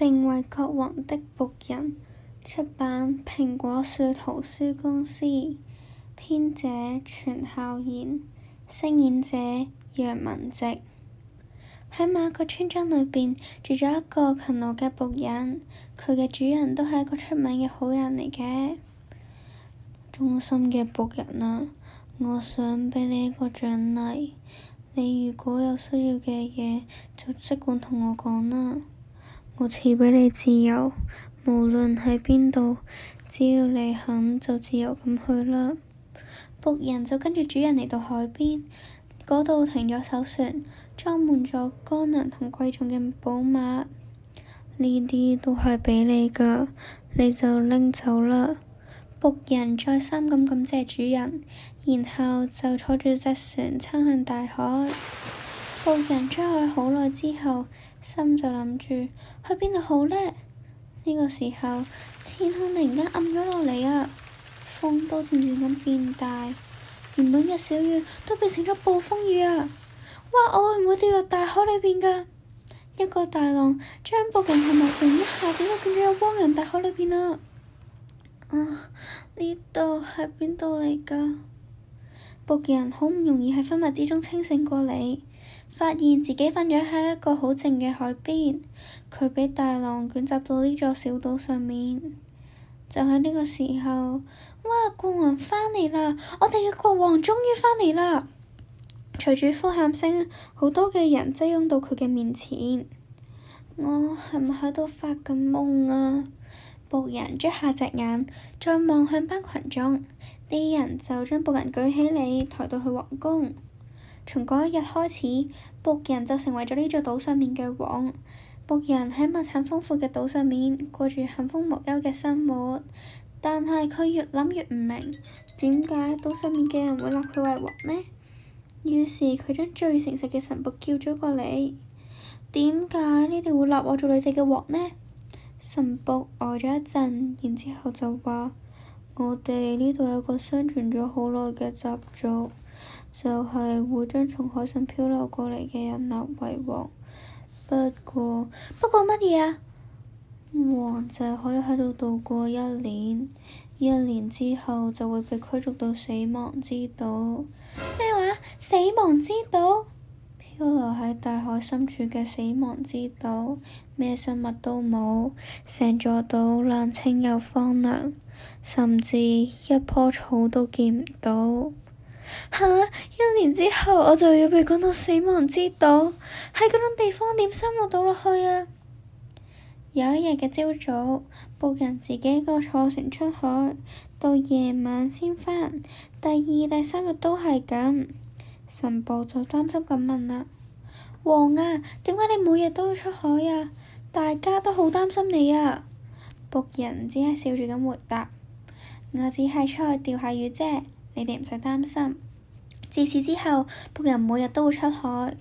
成為國王的僕人，出版蘋果樹圖書公司，編者全孝賢，聲演者楊文湜。喺某一個村莊裏邊，住咗一個勤勞嘅僕人，佢嘅主人都係一個出名嘅好人嚟嘅。忠心嘅僕人啊，我想畀你一個獎勵，你如果有需要嘅嘢，就即管同我講啦。我似畀你自由，無論喺邊度，只要你肯就自由咁去啦。僕人就跟住主人嚟到海邊，嗰度停咗艘船，裝滿咗乾糧同貴重嘅寶物，呢啲都係畀你噶，你就拎走啦。僕人再三咁感，感謝主人，然後就坐住隻船撐向大海。僕人出海好耐之後。心就諗住去邊度好呢？呢個時候天空突然間暗咗落嚟啊，風都漸漸咁變大，原本嘅小雨都變成咗暴風雨啊！哇，我會唔會跌入大海裏邊噶？一個大浪將僕人同埋船一下子都捲咗入汪洋大海裏邊啊。啊，呢度係邊度嚟噶？僕人好唔容易喺昏迷之中清醒過嚟。發現自己瞓咗喺一個好靜嘅海邊，佢俾大浪捲集到呢座小島上面。就喺呢個時候，哇！國王翻嚟啦！我哋嘅國王終於翻嚟啦！隨住呼喊聲，好多嘅人擠擁到佢嘅面前。我係咪喺度發緊夢啊？僕人捽下隻眼，再望向班群眾，啲人就將僕人舉起嚟，抬到去皇宮。從嗰一日開始，僕人就成為咗呢座島上面嘅王。僕人喺物產豐富嘅島上面過住幸福無憂嘅生活，但係佢越諗越唔明，點解島上面嘅人會立佢為王呢？於是佢將最誠實嘅神僕叫咗過嚟，點解呢啲會立我做你哋嘅王呢？神僕呆咗一陣，然之後就話，我哋呢度有個相傳咗好耐嘅習俗。就係會將從海上漂流過嚟嘅人立為王，不過，不過乜嘢啊？王就係可以喺度度過一年，一年之後就會被驅逐到死亡之島。咩話？死亡之島？漂流喺大海深處嘅死亡之島，咩生物都冇，成座島冷清又荒涼，甚至一棵草都見唔到。嚇、啊！一年之後我就要被趕到死亡之島，喺嗰種地方點生活到落去啊！有一日嘅朝早，僕人自己一個坐船出海，到夜晚先翻。第二、第三日都係咁。神父就擔心咁問啦：王啊，點解你每日都要出海啊？大家都好擔心你啊！僕人只係笑住咁回答：我只係出去釣下魚啫。你哋唔使擔心。自此之後，僕人每日都會出海。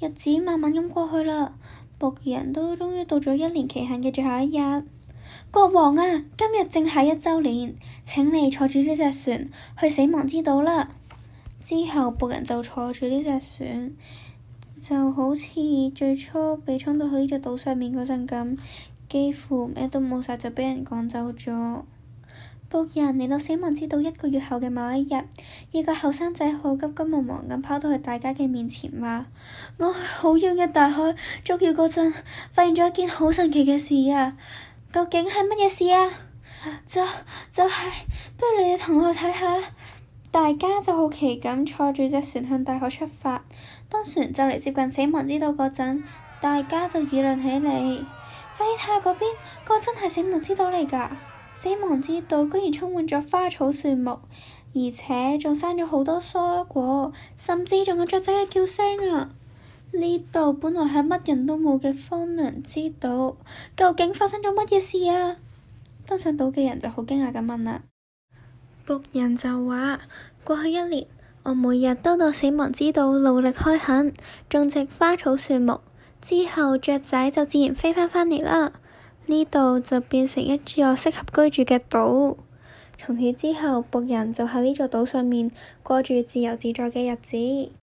日子慢慢咁過去啦，僕人都終於到咗一年期限嘅最後一日。國王啊，今日正係一週年，請你坐住呢隻船去死亡之島啦。之後，僕人就坐住呢隻船，就好似最初被沖到去呢隻島上面嗰陣咁，幾乎咩都冇晒，就俾人趕走咗。僕人嚟到死亡之島一個月後嘅某一日，一個後生仔好急急忙忙咁跑到去大家嘅面前話：我喺好遠嘅大海捉魚嗰陣，發現咗一件好神奇嘅事啊！究竟係乜嘢事啊？就就係、是、不如你哋同我睇下。大家就好奇咁坐住隻船向大海出發。當船就嚟接近死亡之島嗰陣，大家就議論起嚟，快啲睇下嗰邊嗰、那個、真係死亡之島嚟㗎。死亡之島居然充滿咗花草樹木，而且仲生咗好多蔬果，甚至仲有雀仔嘅叫聲啊！呢度本來係乜人都冇嘅荒涼之島，究竟發生咗乜嘢事啊？登上島嘅人就好驚訝咁問啦。僕人就話：過去一年，我每日都到死亡之島努力開墾、種植花草樹木，之後雀仔就自然飛翻翻嚟啦。呢度就變成一座適合居住嘅島。從此之後，僕人就喺呢座島上面過住自由自在嘅日子。